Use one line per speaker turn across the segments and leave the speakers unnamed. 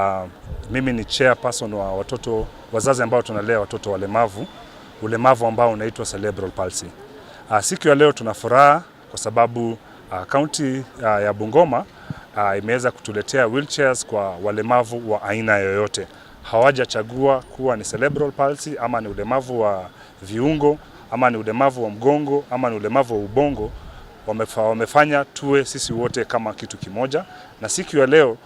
Uh, mimi ni chairperson wa watoto wazazi ambao tunalea watoto walemavu, ulemavu ambao unaitwa cerebral palsy. Uh, siku ya leo tuna furaha kwa sababu ah, kaunti uh, uh, ya Bungoma uh, imeweza kutuletea wheelchairs kwa walemavu wa aina yoyote. Hawajachagua kuwa ni cerebral palsy ama ni ulemavu wa viungo ama ni ulemavu wa mgongo ama ni ulemavu wa ubongo. Wamefanya tuwe sisi wote kama kitu kimoja, na siku ya leo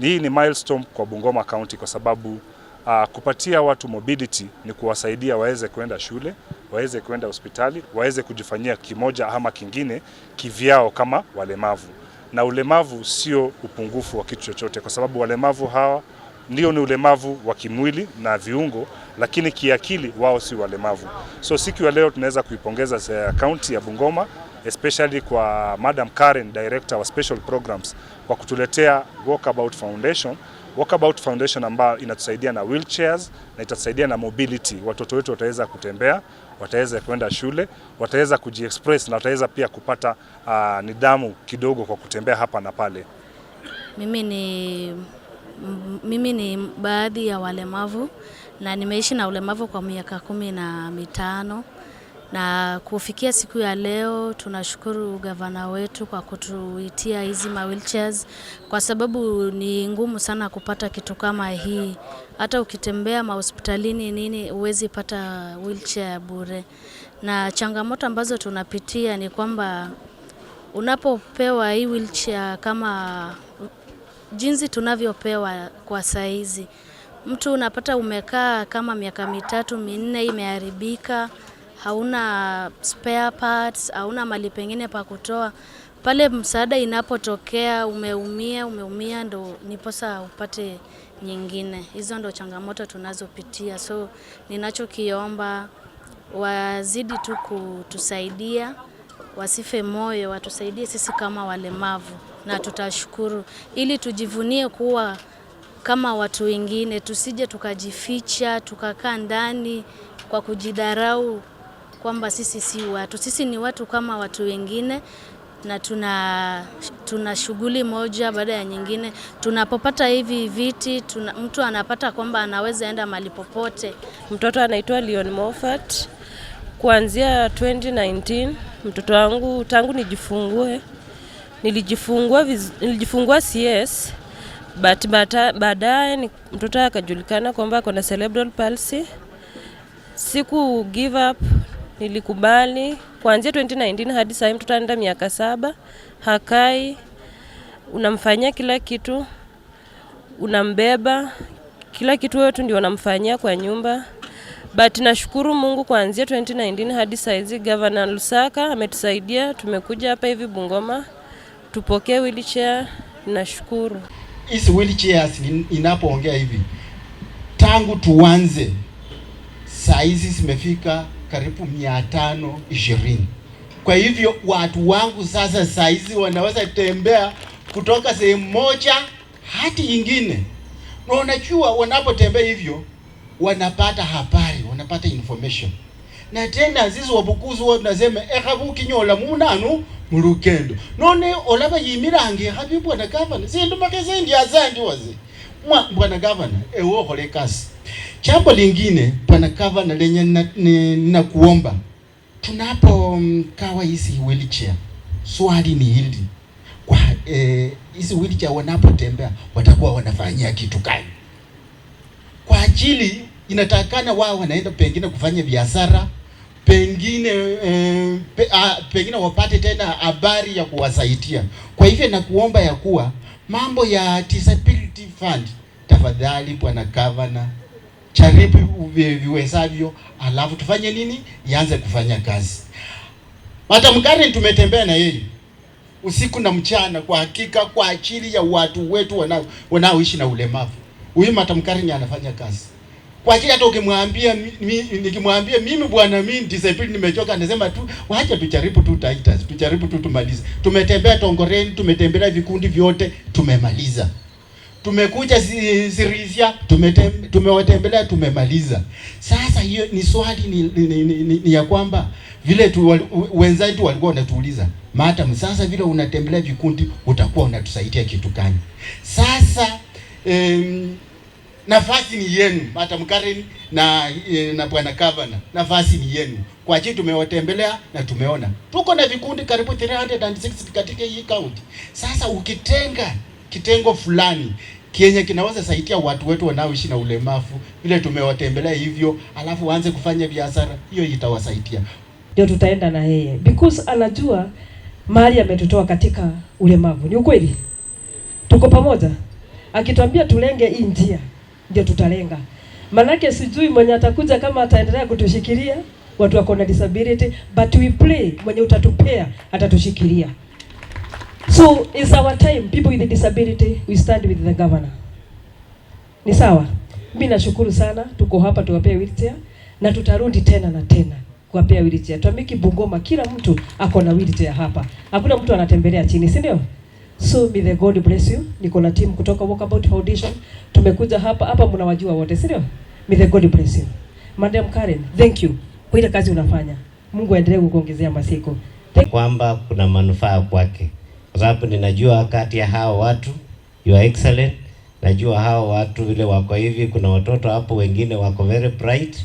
hii ni milestone kwa Bungoma County kwa sababu uh, kupatia watu mobility ni kuwasaidia waweze kwenda shule, waweze kwenda hospitali, waweze kujifanyia kimoja ama kingine kivyao kama walemavu. Na ulemavu sio upungufu wa kitu chochote, kwa sababu walemavu hawa ndio ni ulemavu wa kimwili na viungo, lakini kiakili wao si walemavu. So siku ya leo tunaweza kuipongeza kaunti uh, ya Bungoma especially kwa Madam Karen director wa special programs kwa kutuletea Walkabout Foundation. Walkabout Foundation ambayo inatusaidia na wheelchairs na itatusaidia na mobility. Watoto wetu wataweza kutembea, wataweza kwenda shule, wataweza kujiexpress na wataweza pia kupata uh, nidhamu kidogo kwa kutembea hapa na pale.
Mimi ni, mimi ni baadhi ya walemavu na nimeishi na ulemavu kwa miaka kumi na mitano na kufikia siku ya leo tunashukuru gavana wetu kwa kutuitia hizi ma wheelchairs kwa sababu ni ngumu sana kupata kitu kama hii. Hata ukitembea mahospitalini nini, huwezi pata wheelchair bure. Na changamoto ambazo tunapitia ni kwamba unapopewa hii wheelchair kama jinsi tunavyopewa kwa saizi, mtu unapata umekaa kama miaka mitatu minne, imeharibika hauna spare parts, hauna mali pengine pa kutoa pale msaada inapotokea, umeumia umeumia, ndo niposa upate nyingine. Hizo ndo changamoto tunazopitia, so ninachokiomba wazidi tu kutusaidia, wasife moyo, watusaidie sisi kama walemavu, na tutashukuru, ili tujivunie kuwa kama watu wengine, tusije tukajificha tukakaa ndani kwa kujidharau kwamba sisi si watu, sisi ni watu kama watu wengine na tuna, tuna shughuli moja baada ya nyingine. Tunapopata hivi viti tuna, mtu anapata kwamba anaweza enda mahali popote.
Mtoto anaitwa Leon Moffat. Kuanzia 2019 mtoto wangu tangu nijifungue nilijifungua, nilijifungua CS but baadaye mtoto akajulikana kwamba ako na cerebral palsy. Siku give up nilikubali kuanzia 2019 hadi sasa, mtoto anaenda miaka saba, hakai, unamfanyia kila kitu, unambeba kila kitu, wewe tu ndio unamfanyia kwa nyumba. But nashukuru Mungu kuanzia 2019 hadi saizi Governor Lusaka ametusaidia, tumekuja hapa hivi Bungoma tupokee wheelchair. Nashukuru
hizi wheelchairs inapoongea hivi, tangu tuanze saizi zimefika karibu mia tano ishirini. Kwa hivyo watu wangu sasa saizi wanaweza tembea kutoka sehemu moja hadi nyingine, na unajua wanapotembea hivyo wanapata habari, wanapata information na tena zizi wabukuzi wo nasema ekhabu eh, kinyola munanu mulukendo none olaba habibu yimilange ekhabi bwana gavana azandi sendyasandiwase mwa bwana governor ewo okhole ekasi Jambo lingine pana kava na lenye ninakuomba, tunapokawa mm, hizi wheelchair, swali ni hili kwa eh, hizi eh, wheelchair wanapotembea watakuwa wanafanyia kitu gani? Kwa ajili inatakana wao wanaenda pengine kufanya biashara pengine eh, pe, a, ah, pengine wapate tena habari ya kuwasaidia. Kwa hivyo nakuomba ya kuwa mambo ya disability fund, tafadhali bwana governor jaribu viwezavyo, alafu tufanye nini, ianze kufanya kazi. Madam Karen tumetembea na yeye usiku na mchana, kwa hakika kwa ajili ya watu wetu wanao wanaoishi na ulemavu. Huyu Madam Karen anafanya kazi kwa hakika. Hata ukimwambia nikimwambia mimi bwana, mimi disabled, nimechoka, anasema tu wacha tujaribu tu Titus, tujaribu tu tumalize. Tumetembea Tongoreni, tumetembea vikundi vyote, tumemaliza tumekuja Sirisia, tumewatembelea, tumemaliza. Sasa hiyo ni swali ni, ni, ni, ni, ni ya kwamba vile tu, wenzetu walikuwa wanatuuliza madam, sasa vile unatembelea vikundi utakuwa unatusaidia kitu gani? Sasa em, nafasi ni yenu madam Karen na e, na bwana Gavana, nafasi ni yenu kwa ajili tumewatembelea na tumeona tuko na vikundi karibu 360 katika hii county. Sasa ukitenga kitengo fulani kenye kinaweza saidia watu wetu wanaoishi na ulemavu vile tumewatembelea hivyo, alafu waanze kufanya biashara, hiyo itawasaidia.
Ndio tutaenda na yeye because anajua mahali ametutoa katika ulemavu. Ni ukweli, tuko pamoja. Akituambia tulenge hii njia, ndio tutalenga, manake sijui mwenye atakuja kama ataendelea kutushikilia watu wako na disability, but we play mwenye utatupea atatushikilia. So it's our time, people with the disability, we stand with the governor. Ni sawa. Mimi nashukuru sana, tuko hapa tuwapea wheelchair na tutarudi tena na tena kuwapea wheelchair. Tuamiki Bungoma kila mtu ako na wheelchair hapa. Hakuna mtu anatembelea chini, si ndio? So may the God bless you. Niko na team kutoka Walkabout Foundation. Tumekuja hapa hapa, mnawajua wote, si ndio? May the God bless you. Madam Karen, thank you kwa ile kazi unafanya. Mungu aendelee kukuongezea masiku.
Kwamba kuna manufaa kwake kwa sababu ninajua kati ya hao watu you are excellent, najua hao watu vile wako hivi. Kuna watoto hapo wengine wako very bright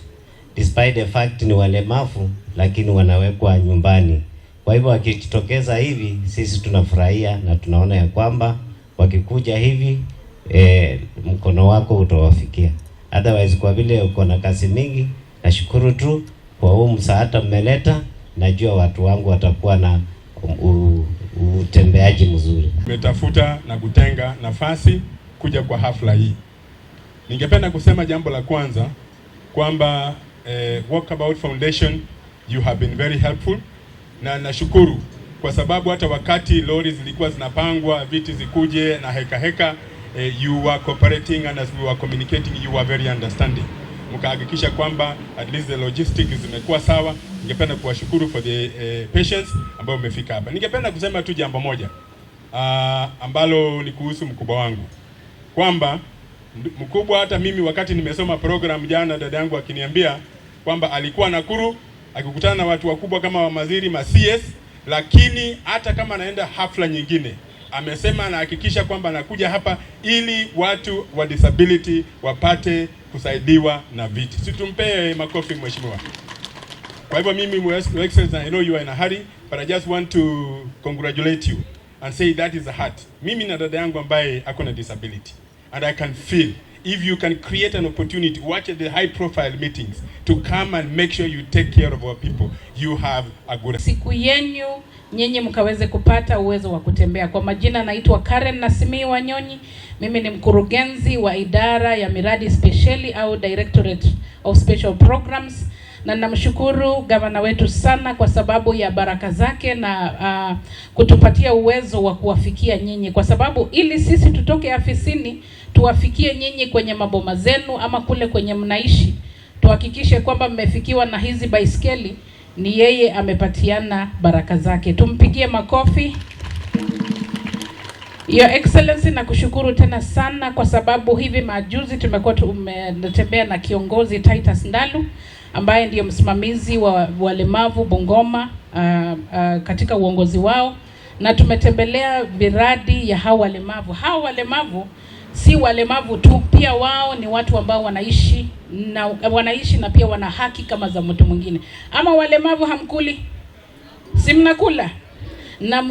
despite the fact ni walemavu, lakini wanawekwa nyumbani. Kwa hivyo wakijitokeza hivi, sisi tunafurahia na tunaona ya kwamba wakikuja hivi e, mkono wako utawafikia. Otherwise, kwa vile uko na kazi mingi, nashukuru tu kwa huu msaada mmeleta. Najua watu wangu watakuwa na um, uh, utembeaji mzuri.
Tumetafuta na kutenga nafasi kuja kwa hafla hii. Ningependa kusema jambo la kwanza kwamba eh, Walkabout Foundation you have been very helpful, na nashukuru kwa sababu hata wakati lori zilikuwa zinapangwa viti zikuje na heka heka, eh, you were cooperating and as we were communicating you were very understanding mkahakikisha kwamba at least the logistics zimekuwa sawa. Ningependa kuwashukuru for the uh, patience ambayo umefika hapa. Ningependa kusema tu jambo moja uh, ambalo ni kuhusu mkubwa wangu kwamba mkubwa, hata mimi wakati nimesoma program jana, dada yangu akiniambia kwamba alikuwa Nakuru akikutana na watu wakubwa kama wamaziri ma CS, lakini hata kama anaenda hafla nyingine amesema anahakikisha kwamba anakuja hapa ili watu wa disability wapate kusaidiwa na viti. Si tumpee makofi mheshimiwa. Kwa hivyo mimi, Your Excellency, I know you are in a hurry, but I just want to congratulate you and say that is a heart. Mimi na dada yangu ambaye ako na disability and I can feel if you can create an opportunity, watch the high profile meetings to come and make sure you take care of our people. You have a good
siku yenyu nyenye mkaweze kupata uwezo wa kutembea. Kwa majina naitwa Karen Nasimi Wanyonyi. Mimi ni mkurugenzi wa idara ya miradi spesheli au Directorate of Special Programs na namshukuru gavana wetu sana kwa sababu ya baraka zake na uh, kutupatia uwezo wa kuwafikia nyinyi, kwa sababu ili sisi tutoke afisini tuwafikie nyinyi kwenye maboma zenu ama kule kwenye mnaishi, tuhakikishe kwamba mmefikiwa na hizi baiskeli. Ni yeye amepatiana baraka zake, tumpigie makofi. Your Excellency, nakushukuru tena sana kwa sababu hivi majuzi tumekuwa tumetembea na kiongozi Titus Ndalu ambaye ndiyo msimamizi wa walemavu Bungoma uh, uh, katika uongozi wao, na tumetembelea miradi ya hao walemavu. Hao walemavu si walemavu tu, pia wao ni watu ambao wanaishi na wanaishi na pia wana haki kama za mtu mwingine. Ama walemavu hamkuli, si mnakula? na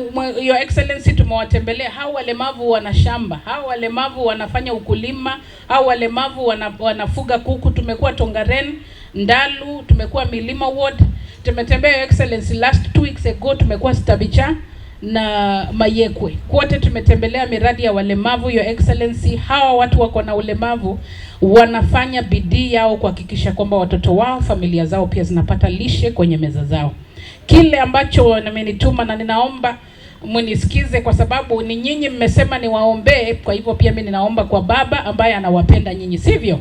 Your Excellency, tumewatembelea hao walemavu, wana shamba, hao walemavu wanafanya ukulima, hao walemavu wanafuga kuku. Tumekuwa Tongaren Ndalu, tumekuwa Milima Ward, tumetembea Your Excellency last two weeks ago, tumekuwa Stabicha na Mayekwe, kwote tumetembelea miradi ya walemavu. Your Excellency, hawa watu wako na ulemavu wanafanya bidii yao kuhakikisha kwamba watoto wao, familia zao pia zinapata lishe kwenye meza zao. Kile ambacho wamenituma na ninaomba mnisikize kwa sababu ni nyinyi mmesema niwaombee, kwa hivyo pia mimi ninaomba kwa Baba ambaye anawapenda nyinyi, sivyo?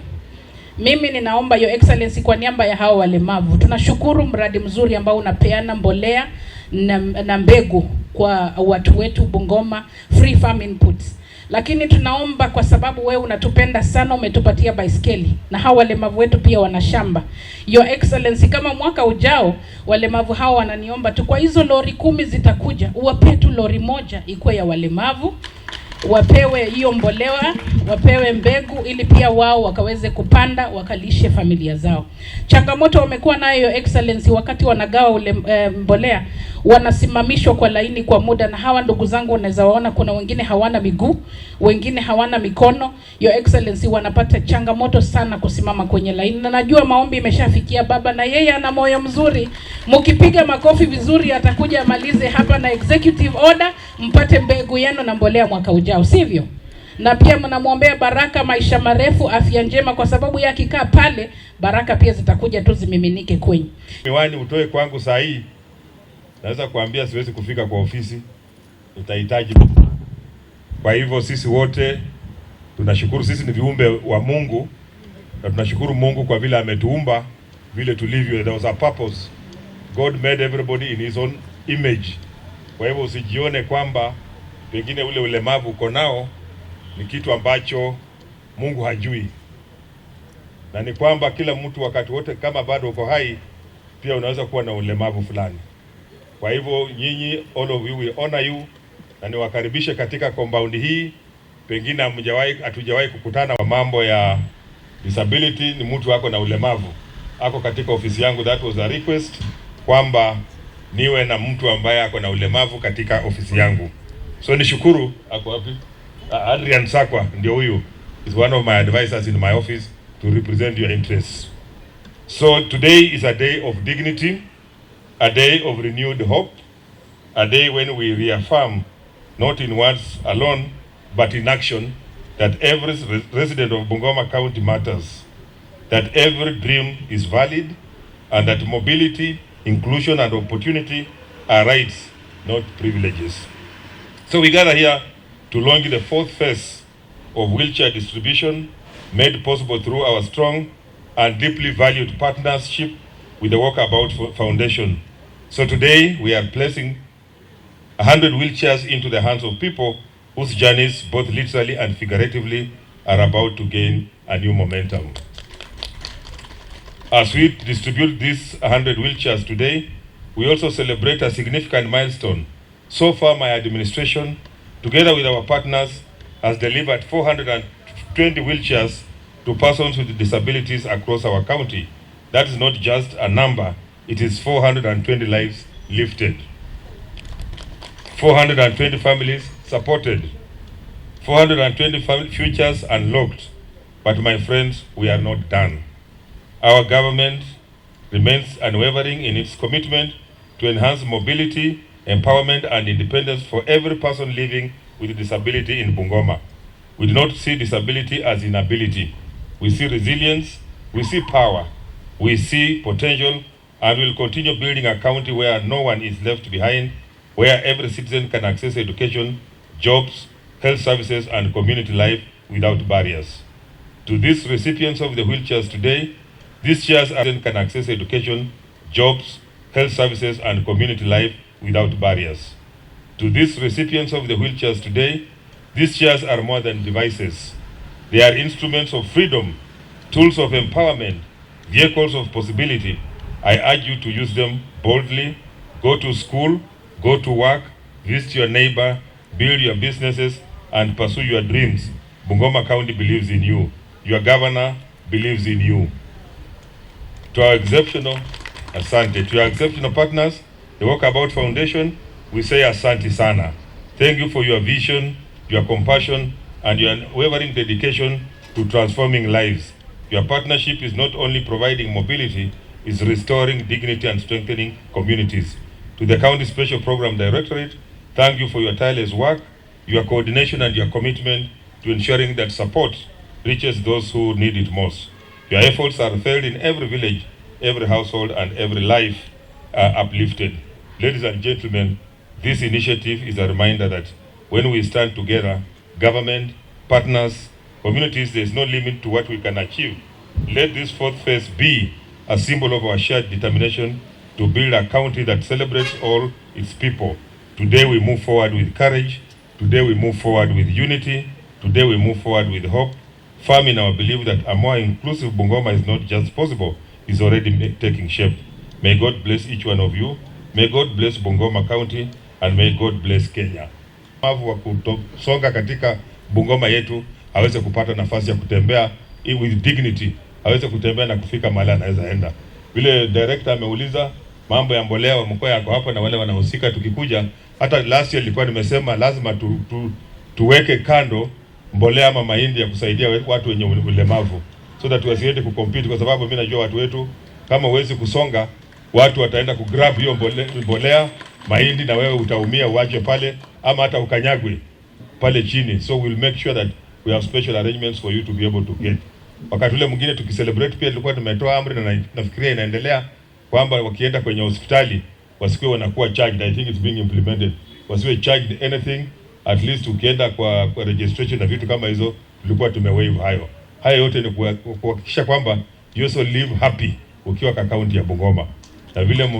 Mimi ninaomba Your Excellency kwa niaba ya hao walemavu, tunashukuru mradi mzuri ambao unapeana mbolea na, na mbegu kwa watu wetu Bungoma, free farm inputs lakini tunaomba kwa sababu wewe unatupenda sana, umetupatia baiskeli na hawa walemavu wetu pia wana shamba. Your Excellency, kama mwaka ujao walemavu hawa wananiomba tu kwa hizo lori kumi zitakuja, uwapee tu lori moja ikuwe ya walemavu wapewe hiyo mbolea, wapewe mbegu ili pia wao wakaweze kupanda wakalishe familia zao. Changamoto wamekuwa nayo Excellency, wakati wanagawa ule e, mbolea wanasimamishwa kwa laini kwa muda, na hawa ndugu zangu unaweza waona, kuna wengine hawana miguu, wengine hawana mikono. Your Excellency, wanapata changamoto sana kusimama kwenye laini, na najua maombi imeshafikia baba, na yeye ana moyo mzuri. Mkipiga makofi vizuri, atakuja amalize hapa na executive order, mpate mbegu yenu na mbolea mwaka ujao, sivyo? na pia mnamwombea baraka, maisha marefu, afya njema, kwa sababu yeye pale baraka pia zitakuja tu zimiminike kwenye
Miwani utoe kwangu saa hii naweza kuambia siwezi kufika kwa ofisi, nitahitaji. Kwa hivyo sisi wote tunashukuru, sisi ni viumbe wa Mungu na tunashukuru Mungu kwa vile ametuumba vile tulivyo. There was a purpose, God made everybody in his own image. Kwa hivyo usijione kwamba pengine ule ulemavu uko nao ni kitu ambacho Mungu hajui, na ni kwamba kila mtu wakati wote, kama bado uko hai, pia unaweza kuwa na ulemavu fulani. Kwa hivyo nyinyi, all of you, we honor you, na niwakaribishe katika compound hii. Pengine hamjawahi, hatujawahi kukutana. Wa mambo ya disability ni mtu ako na ulemavu, ako katika ofisi yangu. That was a request kwamba niwe na mtu ambaye ako na ulemavu katika ofisi yangu, so nishukuru. Ako wapi? Ah, Adrian Sakwa ndio huyu, is one of my advisors in my office to represent your interests. So today is a day of dignity a day of renewed hope, a day when we reaffirm, not in words alone, but in action, that every resident of Bungoma County matters, that every dream is valid, and that mobility, inclusion, and opportunity are rights, not privileges. So we gather here to launch the fourth phase of wheelchair distribution made possible through our strong and deeply valued partnership with the Walkabout Foundation. So today we are placing 100 wheelchairs into the hands of people whose journeys, both literally and figuratively, are about to gain a new momentum. As we distribute these 100 wheelchairs today, we also celebrate a significant milestone. So far, my administration, together with our partners, has delivered 420 wheelchairs to persons with disabilities across our county. That is not just a number, it is 420 lives lifted, 420 families supported, 420 futures unlocked. But my friends, we are not done. Our government remains unwavering in its commitment to enhance mobility, empowerment, and independence for every person living with disability in Bungoma. We do not see disability as inability. We see resilience, we see power, We see potential and will continue building a county where no one is left behind, where every citizen can access education, jobs, health services and community life without barriers. To these recipients of the wheelchairs today, these chairs can access education, jobs, health services and community life without barriers. To these recipients of the wheelchairs today, these chairs are more than devices. They are instruments of freedom, tools of empowerment, vehicles of possibility, I urge you to use them boldly. Go to school, go to work, visit your neighbor, build your businesses and pursue your dreams. Bungoma County believes in you. Your governor believes in you. To our exceptional Asante, to our exceptional partners, the Walkabout Foundation, we say asante sana. Thank you for your vision, your compassion, and your unwavering dedication to transforming lives. Your partnership is not only providing mobility, it's restoring dignity and strengthening communities. To the County Special Program Directorate, thank you for your tireless work, your coordination and your commitment to ensuring that support reaches those who need it most. Your efforts are felt in every village, every household and every life uplifted. Ladies and gentlemen, this initiative is a reminder that when we stand together, government, partners, communities, there is no limit to what we can achieve. Let this fourth phase be a symbol of our shared determination to build a county that celebrates all its people. Today we move forward with courage. Today we move forward with unity. Today we move forward with hope, firm in our belief that a more inclusive Bungoma is not just possible, is already taking shape. May God bless each one of you. May God bless Bungoma County and may God bless Kenya. Mavu wa kutosonga katika Bungoma yetu aweze kupata nafasi ya kutembea with dignity, aweze kutembea na kufika mahali anaweza enda. Vile director ameuliza mambo ya mbolea wa mkoa yako hapa na wale wanahusika, tukikuja hata last year nilikuwa nimesema lazima tu, tu, tuweke kando mbolea ama mahindi ya kusaidia watu wenye ulemavu so that wasiende compete, kwa sababu mimi najua watu wetu, kama huwezi kusonga, watu wataenda grab hiyo mbolea, mbolea mahindi, na wewe utaumia, uache pale ama hata ukanyagwe pale chini, so we'll make sure that we have special arrangements for you to be able to get. Wakati ule mwingine tukicelebrate pia tulikuwa tumetoa amri na nafikiria inaendelea kwamba wakienda kwenye hospitali wasikuwe wanakuwa charged. I think it's being implemented, wasiwe charged anything. At least ukienda kwa, kwa registration na vitu kama hizo tulikuwa tumewaive hayo. Hayo yote ni kuhakikisha kwa, kwa kwamba you also live happy ukiwa kwa kaunti ya Bungoma na vile